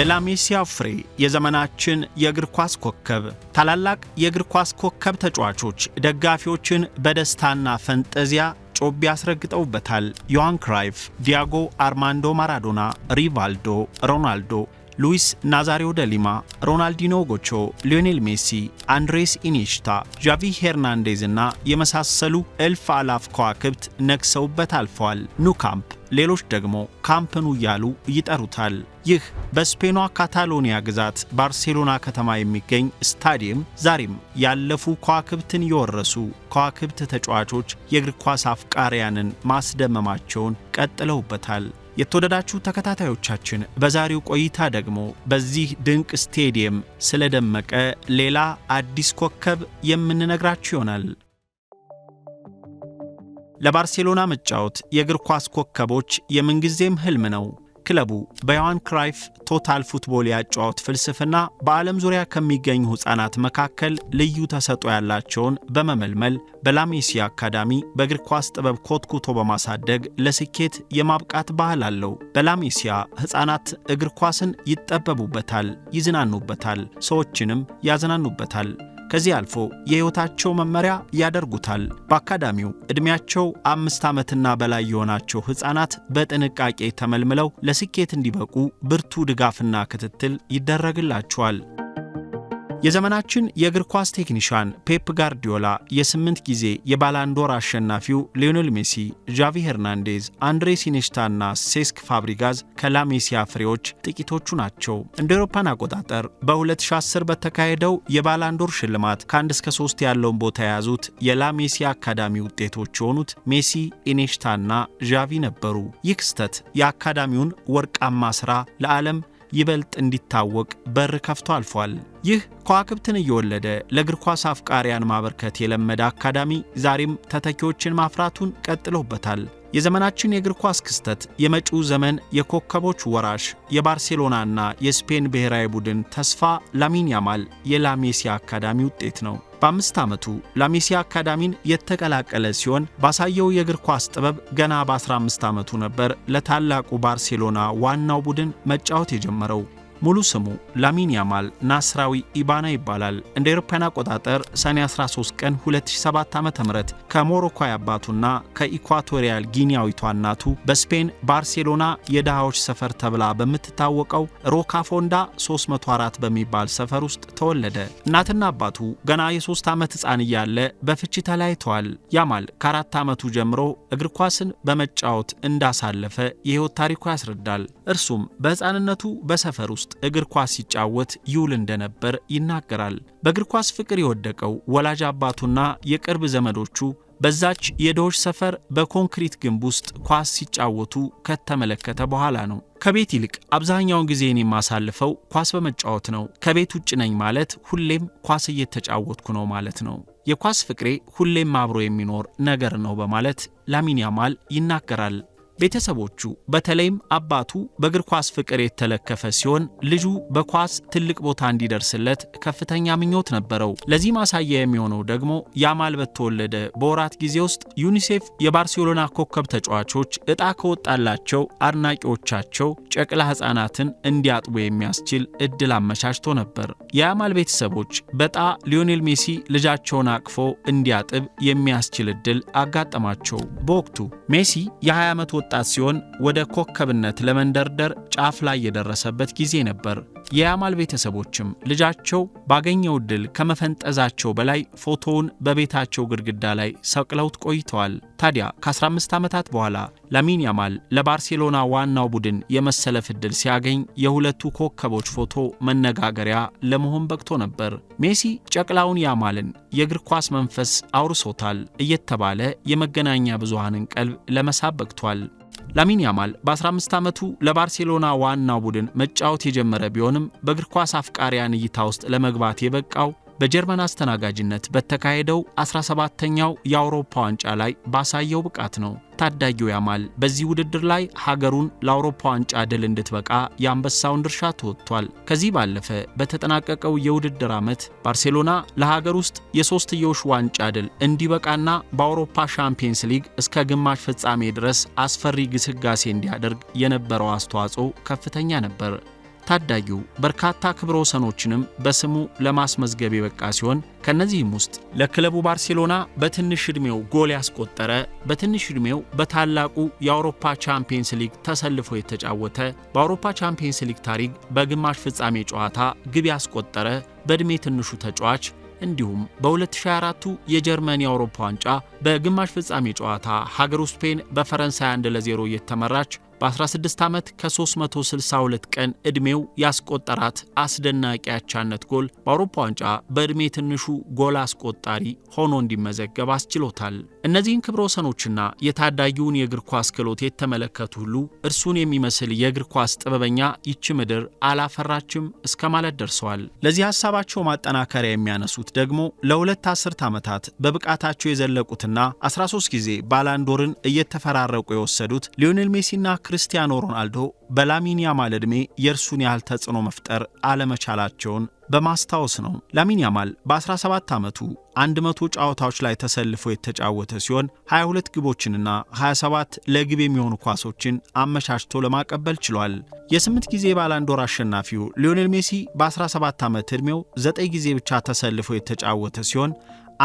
የላሜሲያ ፍሬ የዘመናችን የእግር ኳስ ኮከብ ታላላቅ የእግር ኳስ ኮከብ ተጫዋቾች ደጋፊዎችን በደስታና ፈንጠዚያ ጮቢ ያስረግጠውበታል። ዮሐን ክራይፍ፣ ዲያጎ አርማንዶ ማራዶና፣ ሪቫልዶ፣ ሮናልዶ፣ ሉዊስ ናዛሬዮ ደሊማ፣ ሮናልዲኖ ጎቾ፣ ሊዮኔል ሜሲ፣ አንድሬስ ኢኒሽታ፣ ዣቪ ሄርናንዴዝ እና የመሳሰሉ እልፍ አላፍ ከዋክብት ነግሰውበት አልፈዋል። ኑካምፕ ሌሎች ደግሞ ካምፕኑ እያሉ ይጠሩታል። ይህ በስፔኗ ካታሎኒያ ግዛት ባርሴሎና ከተማ የሚገኝ ስታዲየም ዛሬም ያለፉ ከዋክብትን የወረሱ ከዋክብት ተጫዋቾች የእግር ኳስ አፍቃሪያንን ማስደመማቸውን ቀጥለውበታል። የተወደዳችሁ ተከታታዮቻችን በዛሬው ቆይታ ደግሞ በዚህ ድንቅ ስቴዲየም ስለደመቀ ሌላ አዲስ ኮከብ የምንነግራችሁ ይሆናል። ለባርሴሎና መጫወት የእግር ኳስ ኮከቦች የምንጊዜም ህልም ነው። ክለቡ በዮሐን ክራይፍ ቶታል ፉትቦል ያጫወት ፍልስፍና በዓለም ዙሪያ ከሚገኙ ሕፃናት መካከል ልዩ ተሰጦ ያላቸውን በመመልመል በላሜሲያ አካዳሚ በእግር ኳስ ጥበብ ኮትኩቶ በማሳደግ ለስኬት የማብቃት ባህል አለው። በላሜሲያ ሕፃናት እግር ኳስን ይጠበቡበታል፣ ይዝናኑበታል፣ ሰዎችንም ያዝናኑበታል። ከዚህ አልፎ የሕይወታቸው መመሪያ ያደርጉታል። በአካዳሚው ዕድሜያቸው አምስት ዓመትና በላይ የሆናቸው ሕፃናት በጥንቃቄ ተመልምለው ለስኬት እንዲበቁ ብርቱ ድጋፍና ክትትል ይደረግላቸዋል። የዘመናችን የእግር ኳስ ቴክኒሽያን ፔፕ ጋርዲዮላ፣ የስምንት ጊዜ የባላንዶር አሸናፊው ሊዮኔል ሜሲ፣ ዣቪ ሄርናንዴዝ፣ አንድሬ ሲኔሽታና ሴስክ ፋብሪጋዝ ከላሜሲያ ፍሬዎች ጥቂቶቹ ናቸው። እንደ ኤሮፓን አቆጣጠር በ2010 በተካሄደው የባላንዶር ሽልማት ከአንድ እስከ ሶስት ያለውን ቦታ የያዙት የላሜሲያ አካዳሚ ውጤቶች የሆኑት ሜሲ፣ ኢኔሽታና ዣቪ ነበሩ። ይህ ክስተት የአካዳሚውን ወርቃማ ሥራ ለዓለም ይበልጥ እንዲታወቅ በር ከፍቶ አልፏል። ይህ ከዋክብትን እየወለደ ለእግር ኳስ አፍቃሪያን ማበርከት የለመደ አካዳሚ ዛሬም ተተኪዎችን ማፍራቱን ቀጥሎበታል። የዘመናችን የእግር ኳስ ክስተት የመጪው ዘመን የኮከቦች ወራሽ የባርሴሎናና የስፔን ብሔራዊ ቡድን ተስፋ ላሚን ያማል የላሜሲያ አካዳሚ ውጤት ነው። በአምስት ዓመቱ ላሜሲያ አካዳሚን የተቀላቀለ ሲሆን ባሳየው የእግር ኳስ ጥበብ ገና በ15 ዓመቱ ነበር ለታላቁ ባርሴሎና ዋናው ቡድን መጫወት የጀመረው። ሙሉ ስሙ ላሚን ያማል ናስራዊ ኢባና ይባላል። እንደ አውሮፓውያን አቆጣጠር ሰኔ 13 ቀን 2007 ዓ.ም ከሞሮኳዊ አባቱና ከኢኳቶሪያል ጊኒያዊቷ እናቱ በስፔን ባርሴሎና የድሃዎች ሰፈር ተብላ በምትታወቀው ሮካፎንዳ 304 በሚባል ሰፈር ውስጥ ተወለደ። እናትና አባቱ ገና የሶስት ዓመት ሕፃን እያለ በፍቺ ተለያይተዋል። ያማል ከአራት ዓመቱ ጀምሮ እግር ኳስን በመጫወት እንዳሳለፈ የሕይወት ታሪኩ ያስረዳል። እርሱም በሕፃንነቱ በሰፈር ውስጥ ውስጥ እግር ኳስ ሲጫወት ይውል እንደነበር ይናገራል። በእግር ኳስ ፍቅር የወደቀው ወላጅ አባቱና የቅርብ ዘመዶቹ በዛች የድሆች ሰፈር በኮንክሪት ግንብ ውስጥ ኳስ ሲጫወቱ ከተመለከተ በኋላ ነው። ከቤት ይልቅ አብዛኛውን ጊዜን የማሳልፈው ኳስ በመጫወት ነው። ከቤት ውጭ ነኝ ማለት ሁሌም ኳስ እየተጫወትኩ ነው ማለት ነው። የኳስ ፍቅሬ ሁሌም አብሮ የሚኖር ነገር ነው በማለት ላሚን ያማል ይናገራል። ቤተሰቦቹ በተለይም አባቱ በእግር ኳስ ፍቅር የተለከፈ ሲሆን ልጁ በኳስ ትልቅ ቦታ እንዲደርስለት ከፍተኛ ምኞት ነበረው። ለዚህ ማሳያ የሚሆነው ደግሞ ያማል በተወለደ በወራት ጊዜ ውስጥ ዩኒሴፍ የባርሴሎና ኮከብ ተጫዋቾች እጣ ከወጣላቸው አድናቂዎቻቸው ጨቅላ ሕፃናትን እንዲያጥቡ የሚያስችል እድል አመቻችቶ ነበር። የያማል ቤተሰቦች በጣ ሊዮኔል ሜሲ ልጃቸውን አቅፎ እንዲያጥብ የሚያስችል እድል አጋጠማቸው። በወቅቱ ሜሲ የ20 ዓመት የመጣት ሲሆን ወደ ኮከብነት ለመንደርደር ጫፍ ላይ የደረሰበት ጊዜ ነበር። የያማል ቤተሰቦችም ልጃቸው ባገኘው ድል ከመፈንጠዛቸው በላይ ፎቶውን በቤታቸው ግድግዳ ላይ ሰቅለውት ቆይተዋል። ታዲያ ከ15 ዓመታት በኋላ ላሚን ያማል ለባርሴሎና ዋናው ቡድን የመሰለፍ ዕድል ሲያገኝ የሁለቱ ኮከቦች ፎቶ መነጋገሪያ ለመሆን በቅቶ ነበር። ሜሲ ጨቅላውን ያማልን የእግር ኳስ መንፈስ አውርሶታል እየተባለ የመገናኛ ብዙሃንን ቀልብ ለመሳብ በቅቷል። ላሚን ያማል በ15 ዓመቱ ለባርሴሎና ዋናው ቡድን መጫወት የጀመረ ቢሆንም በእግር ኳስ አፍቃሪያን እይታ ውስጥ ለመግባት የበቃው በጀርመን አስተናጋጅነት በተካሄደው 17ተኛው የአውሮፓ ዋንጫ ላይ ባሳየው ብቃት ነው። ታዳጊው ያማል በዚህ ውድድር ላይ ሀገሩን ለአውሮፓ ዋንጫ ድል እንድትበቃ የአንበሳውን ድርሻ ተወጥቷል። ከዚህ ባለፈ በተጠናቀቀው የውድድር ዓመት ባርሴሎና ለሀገር ውስጥ የሶስትዮሽ ዋንጫ ድል እንዲበቃና በአውሮፓ ሻምፒየንስ ሊግ እስከ ግማሽ ፍጻሜ ድረስ አስፈሪ ግስጋሴ እንዲያደርግ የነበረው አስተዋጽኦ ከፍተኛ ነበር። ታዳጊው በርካታ ክብረ ወሰኖችንም በስሙ ለማስመዝገብ የበቃ ሲሆን ከነዚህም ውስጥ ለክለቡ ባርሴሎና በትንሽ ዕድሜው ጎል ያስቆጠረ፣ በትንሽ ዕድሜው በታላቁ የአውሮፓ ቻምፒየንስ ሊግ ተሰልፎ የተጫወተ፣ በአውሮፓ ቻምፒየንስ ሊግ ታሪክ በግማሽ ፍጻሜ ጨዋታ ግብ ያስቆጠረ በዕድሜ ትንሹ ተጫዋች እንዲሁም በ2024ቱ የጀርመን የአውሮፓ ዋንጫ በግማሽ ፍጻሜ ጨዋታ ሀገሩ ስፔን በፈረንሳይ 1 ለ0 የተመራች በ16 ዓመት ከ362 ቀን ዕድሜው ያስቆጠራት አስደናቂ አቻነት ጎል በአውሮፓ ዋንጫ በዕድሜ ትንሹ ጎል አስቆጣሪ ሆኖ እንዲመዘገብ አስችሎታል። እነዚህን ክብረ ወሰኖችና የታዳጊውን የእግር ኳስ ክህሎት የተመለከቱ ሁሉ እርሱን የሚመስል የእግር ኳስ ጥበበኛ ይች ምድር አላፈራችም እስከ ማለት ደርሰዋል። ለዚህ ሀሳባቸው ማጠናከሪያ የሚያነሱት ደግሞ ለሁለት አስርት ዓመታት በብቃታቸው የዘለቁትና 13 ጊዜ ባላንዶርን እየተፈራረቁ የወሰዱት ሊዮኔል ሜሲና ክርስቲያኖ ሮናልዶ በላሚን ያማል ዕድሜ የእርሱን ያህል ተጽዕኖ መፍጠር አለመቻላቸውን በማስታወስ ነው። ላሚን ያማል በ17 ዓመቱ 100 ጨዋታዎች ላይ ተሰልፎ የተጫወተ ሲሆን 22 ግቦችንና 27 ለግብ የሚሆኑ ኳሶችን አመቻችቶ ለማቀበል ችሏል። የስምንት ጊዜ ባላንዶር አሸናፊው ሊዮኔል ሜሲ በ17 ዓመት ዕድሜው 9 ጊዜ ብቻ ተሰልፎ የተጫወተ ሲሆን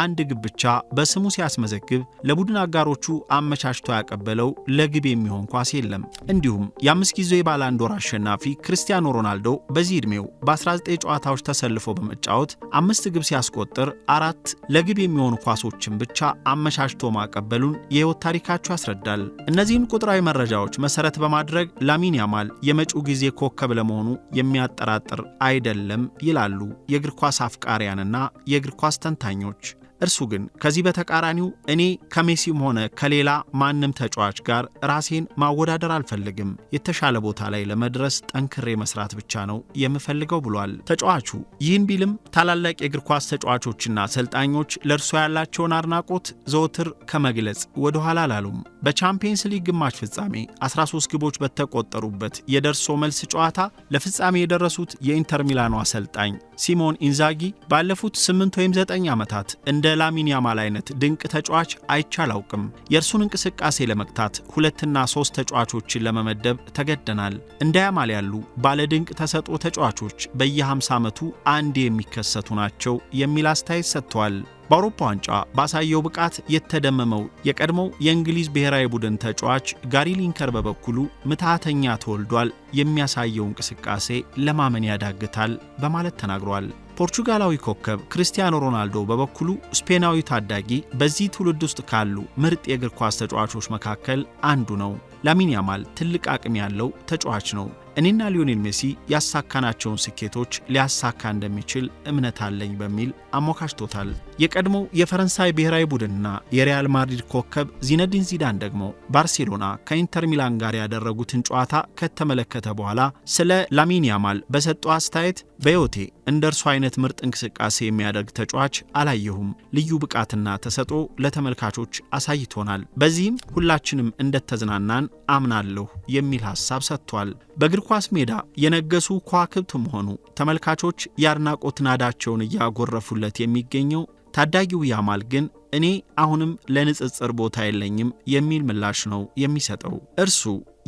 አንድ ግብ ብቻ በስሙ ሲያስመዘግብ ለቡድን አጋሮቹ አመቻችቶ ያቀበለው ለግብ የሚሆን ኳስ የለም። እንዲሁም የአምስት ጊዜ ባላንዶር አሸናፊ ክርስቲያኖ ሮናልዶ በዚህ ዕድሜው በ19 ጨዋታዎች ተሰልፎ በመጫወት አምስት ግብ ሲያስቆጥር አራት ለግብ የሚሆኑ ኳሶችን ብቻ አመቻችቶ ማቀበሉን የህይወት ታሪካቸው ያስረዳል። እነዚህን ቁጥራዊ መረጃዎች መሰረት በማድረግ ላሚን ያማል የመጪው ጊዜ ኮከብ ለመሆኑ የሚያጠራጥር አይደለም ይላሉ የእግር ኳስ አፍቃሪያንና የእግር ኳስ ተንታኞች። እርሱ ግን ከዚህ በተቃራኒው እኔ ከሜሲም ሆነ ከሌላ ማንም ተጫዋች ጋር ራሴን ማወዳደር አልፈልግም፣ የተሻለ ቦታ ላይ ለመድረስ ጠንክሬ መስራት ብቻ ነው የምፈልገው ብሏል። ተጫዋቹ ይህን ቢልም ታላላቅ የእግር ኳስ ተጫዋቾችና አሰልጣኞች ለእርሶ ያላቸውን አድናቆት ዘወትር ከመግለጽ ወደኋላ አላሉም። በቻምፒየንስ ሊግ ግማሽ ፍጻሜ 13 ግቦች በተቆጠሩበት የደርሶ መልስ ጨዋታ ለፍጻሜ የደረሱት የኢንተር ሚላኑ አሰልጣኝ ሲሞን ኢንዛጊ ባለፉት 8 ወይም 9 ዓመታት እንደ ላሚን ያማል አይነት ድንቅ ተጫዋች አይቼ አላውቅም። የእርሱን እንቅስቃሴ ለመግታት ሁለትና ሶስት ተጫዋቾችን ለመመደብ ተገደናል። እንደ ያማል ያሉ ባለድንቅ ተሰጥኦ ተጫዋቾች በየ50 ዓመቱ አንዴ የሚከሰቱ ናቸው የሚል አስተያየት ሰጥተዋል። በአውሮፓ ዋንጫ ባሳየው ብቃት የተደመመው የቀድሞው የእንግሊዝ ብሔራዊ ቡድን ተጫዋች ጋሪ ሊንከር በበኩሉ ምትሃተኛ ተወልዷል፣ የሚያሳየው እንቅስቃሴ ለማመን ያዳግታል በማለት ተናግሯል። ፖርቹጋላዊ ኮከብ ክርስቲያኖ ሮናልዶ በበኩሉ ስፔናዊ ታዳጊ በዚህ ትውልድ ውስጥ ካሉ ምርጥ የእግር ኳስ ተጫዋቾች መካከል አንዱ ነው። ላሚን ያማል ትልቅ አቅም ያለው ተጫዋች ነው። እኔና ሊዮኔል ሜሲ ያሳካናቸውን ስኬቶች ሊያሳካ እንደሚችል እምነት አለኝ በሚል አሞካሽቶታል። የቀድሞው የፈረንሳይ ብሔራዊ ቡድንና የሪያል ማድሪድ ኮከብ ዚነዲን ዚዳን ደግሞ ባርሴሎና ከኢንተር ሚላን ጋር ያደረጉትን ጨዋታ ከተመለከተ በኋላ ስለ ላሚን ያማል በሰጠው አስተያየት በሕይወቴ እንደ እርሱ አይነት ምርጥ እንቅስቃሴ የሚያደርግ ተጫዋች አላየሁም። ልዩ ብቃትና ተሰጥኦ ለተመልካቾች አሳይቶናል። በዚህም ሁላችንም እንደተዝናናን አምናለሁ የሚል ሀሳብ ሰጥቷል። በእግር ኳስ ሜዳ የነገሱ ከዋክብት መሆኑ ተመልካቾች የአድናቆት ናዳቸውን እያጎረፉለት የሚገኘው ታዳጊው ያማል ግን እኔ አሁንም ለንጽጽር ቦታ የለኝም የሚል ምላሽ ነው የሚሰጠው። እርሱ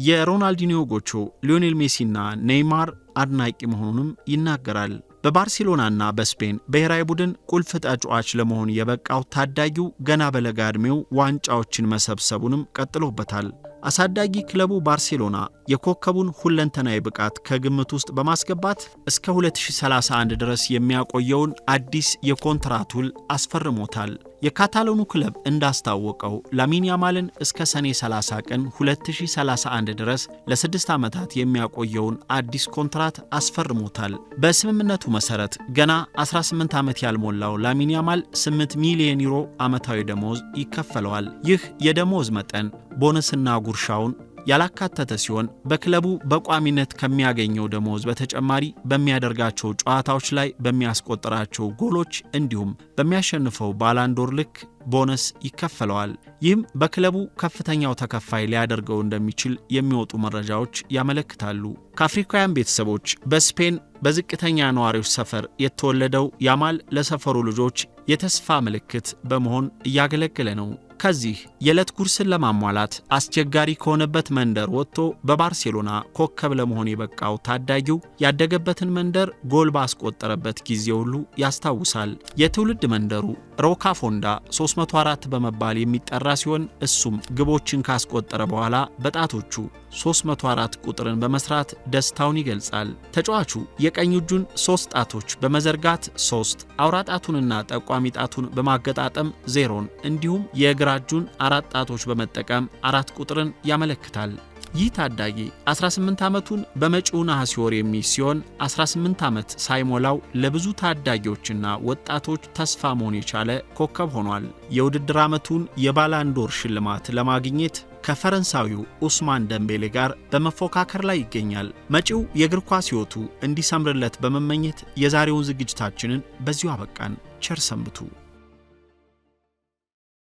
የሮናልዲኒዮ ጎቾ፣ ሊዮኔል ሜሲና ኔይማር አድናቂ መሆኑንም ይናገራል። በባርሴሎናና በስፔን ብሔራዊ ቡድን ቁልፍ ተጫዋች ለመሆን የበቃው ታዳጊው ገና በለጋ ዕድሜው ዋንጫዎችን መሰብሰቡንም ቀጥሎበታል። አሳዳጊ ክለቡ ባርሴሎና የኮከቡን ሁለንተናዊ ብቃት ከግምት ውስጥ በማስገባት እስከ 2031 ድረስ የሚያቆየውን አዲስ የኮንትራት ውል አስፈርሞታል። የካታሎኑ ክለብ እንዳስታወቀው ላሚን ያማልን እስከ ሰኔ 30 ቀን 2031 ድረስ ለስድስት ዓመታት የሚያቆየውን አዲስ ኮንትራት አስፈርሞታል። በስምምነቱ መሠረት ገና 18 ዓመት ያልሞላው ላሚን ያማል 8 ሚሊዮን ዩሮ ዓመታዊ ደሞዝ ይከፈለዋል። ይህ የደሞዝ መጠን ቦነስና ጉርሻውን ያላካተተ ሲሆን በክለቡ በቋሚነት ከሚያገኘው ደሞዝ በተጨማሪ በሚያደርጋቸው ጨዋታዎች ላይ በሚያስቆጥራቸው ጎሎች እንዲሁም በሚያሸንፈው ባላንዶር ልክ ቦነስ ይከፈለዋል። ይህም በክለቡ ከፍተኛው ተከፋይ ሊያደርገው እንደሚችል የሚወጡ መረጃዎች ያመለክታሉ። ከአፍሪካውያን ቤተሰቦች በስፔን በዝቅተኛ ነዋሪዎች ሰፈር የተወለደው ያማል ለሰፈሩ ልጆች የተስፋ ምልክት በመሆን እያገለገለ ነው። ከዚህ የዕለት ጉርስን ለማሟላት አስቸጋሪ ከሆነበት መንደር ወጥቶ በባርሴሎና ኮከብ ለመሆን የበቃው ታዳጊው ያደገበትን መንደር ጎል ባስቆጠረበት ጊዜ ሁሉ ያስታውሳል። የትውልድ መንደሩ ሮካ ፎንዳ 304 በመባል የሚጠራ ሲሆን እሱም ግቦችን ካስቆጠረ በኋላ በጣቶቹ 304 ቁጥርን በመስራት ደስታውን ይገልጻል። ተጫዋቹ የቀኝ እጁን ሶስት ጣቶች በመዘርጋት ሶስት አውራ ጣቱንና ጠቋሚ ጣቱን በማገጣጠም ዜሮን እንዲሁም የእግ ግራ እጁን አራት ጣቶች በመጠቀም አራት ቁጥርን ያመለክታል። ይህ ታዳጊ 18 ዓመቱን በመጪው ነሐሴ ወር የሚይዝ ሲሆን 18 ዓመት ሳይሞላው ለብዙ ታዳጊዎችና ወጣቶች ተስፋ መሆን የቻለ ኮከብ ሆኗል። የውድድር ዓመቱን የባላንዶር ሽልማት ለማግኘት ከፈረንሳዊው ኡስማን ደምቤሌ ጋር በመፎካከር ላይ ይገኛል። መጪው የእግር ኳስ ሕይወቱ እንዲሰምርለት በመመኘት የዛሬውን ዝግጅታችንን በዚሁ አበቃን። ቸር ሰንብቱ።